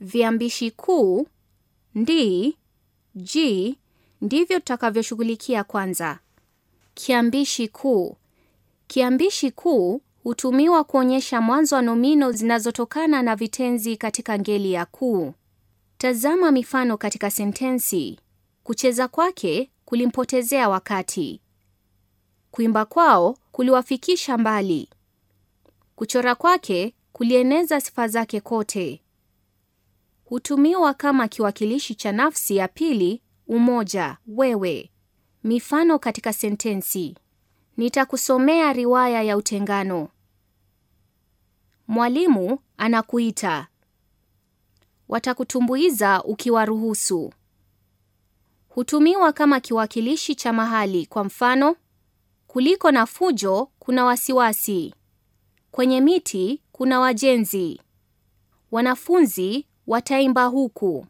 Viambishi kuu ndi, ji ndivyo tutakavyoshughulikia kwanza. Kiambishi kuu. Kiambishi kuu hutumiwa kuonyesha mwanzo wa nomino zinazotokana na vitenzi katika ngeli ya kuu. Tazama mifano katika sentensi: kucheza kwake kulimpotezea wakati, kuimba kwao kuliwafikisha mbali, kuchora kwake kulieneza sifa zake kote hutumiwa kama kiwakilishi cha nafsi ya pili, umoja, wewe. Mifano katika sentensi: nitakusomea riwaya ya Utengano. Mwalimu anakuita. Watakutumbuiza ukiwaruhusu. Hutumiwa kama kiwakilishi cha mahali. Kwa mfano, kuliko na fujo kuna wasiwasi. Kwenye miti kuna wajenzi. Wanafunzi wataimba huku.